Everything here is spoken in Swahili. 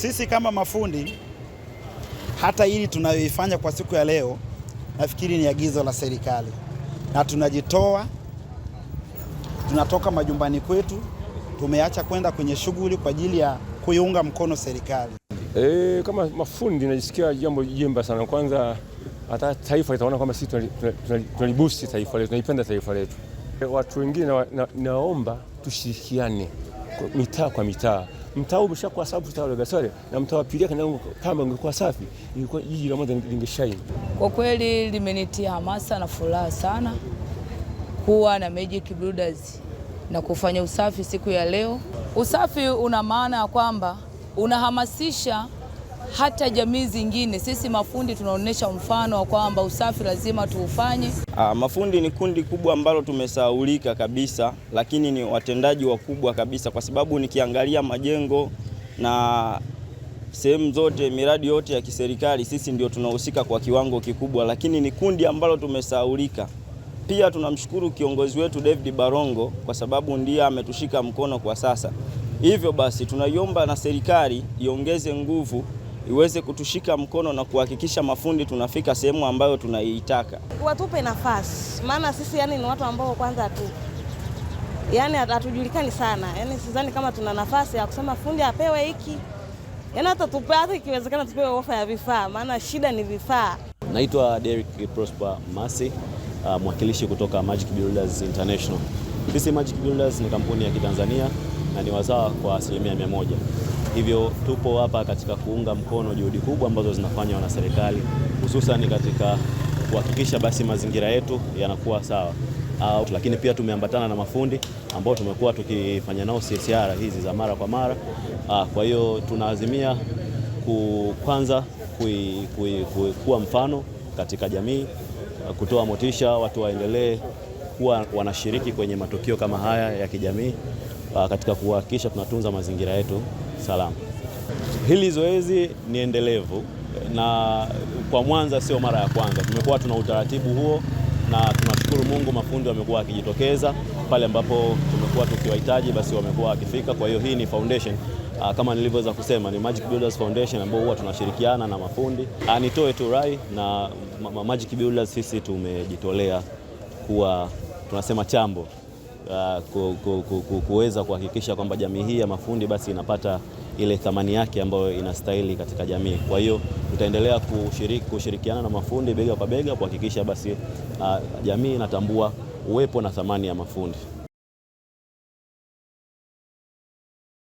Sisi kama mafundi, hata hili tunayoifanya kwa siku ya leo, nafikiri ni agizo la serikali, na tunajitoa, tunatoka majumbani kwetu, tumeacha kwenda kwenye shughuli kwa ajili ya kuiunga mkono serikali. E, kama mafundi najisikia jambo jemba sana. Kwanza hata taifa itaona kwamba sisi tunalibusti taifa letu, tunaipenda taifa letu. Watu wengine na, na, naomba tushirikiane mitaa kwa mitaa mtaa umeshakuwa tawala Gasore na mtawapilia kana kama ungekuwa safi, ilikuwa jiji la Mwanza lingeshaini. Kwa kweli limenitia hamasa na furaha sana kuwa na Magic Builders na kufanya usafi siku ya leo. Usafi una maana ya kwamba unahamasisha hata jamii zingine. Sisi mafundi tunaonyesha mfano wa kwamba usafi lazima tuufanye. Ah, mafundi ni kundi kubwa ambalo tumesahaulika kabisa, lakini ni watendaji wakubwa kabisa, kwa sababu nikiangalia majengo na sehemu zote, miradi yote ya kiserikali, sisi ndio tunahusika kwa kiwango kikubwa, lakini ni kundi ambalo tumesahaulika. Pia tunamshukuru kiongozi wetu David Barongo kwa sababu ndiye ametushika mkono kwa sasa. Hivyo basi tunaiomba na serikali iongeze nguvu iweze kutushika mkono na kuhakikisha mafundi tunafika sehemu ambayo tunaitaka. Watupe nafasi, maana sisi yani ni watu ambao kwanza tu yani hatujulikani sana, yani sidhani kama tuna nafasi ya kusema fundi apewe hiki, yani hata tupe, hata ikiwezekana tupewe ofa ya vifaa, maana shida ni vifaa. Naitwa Derek Prosper Masi, uh, mwakilishi kutoka Magic Builders International. Sisi Magic Builders ni kampuni ya Kitanzania na ni wazaa kwa asilimia mia moja. Hivyo tupo hapa katika kuunga mkono juhudi kubwa ambazo zinafanywa na serikali, hususan katika kuhakikisha basi mazingira yetu yanakuwa sawa. Uh, lakini pia tumeambatana na mafundi ambao tumekuwa tukifanya nao CSR hizi za mara kwa mara. Uh, kwa hiyo tunaazimia ku, kwanza kui, kui, kui, kuwa mfano katika jamii, uh, kutoa motisha watu waendelee kuwa wanashiriki kwenye matukio kama haya ya kijamii, uh, katika kuhakikisha tunatunza mazingira yetu salama. Hili zoezi ni endelevu na kwa Mwanza sio mara ya kwanza, tumekuwa tuna utaratibu huo na tunashukuru Mungu, mafundi wamekuwa wakijitokeza pale ambapo tumekuwa tukiwahitaji, basi wamekuwa wakifika. Kwa hiyo hii ni foundation ah, kama nilivyoweza kusema ni Magic Builders Foundation ambao huwa tunashirikiana na mafundi. Ah, nitoe tu rai na Magic Builders, sisi tumejitolea kuwa tunasema chambo uh, ku, kuweza kuhakikisha kwamba jamii hii ya mafundi basi inapata ile thamani yake ambayo inastahili katika jamii. Kwa hiyo tutaendelea kushiriki, kushirikiana na mafundi bega kwa bega kuhakikisha basi uh, jamii inatambua uwepo na thamani ya mafundi.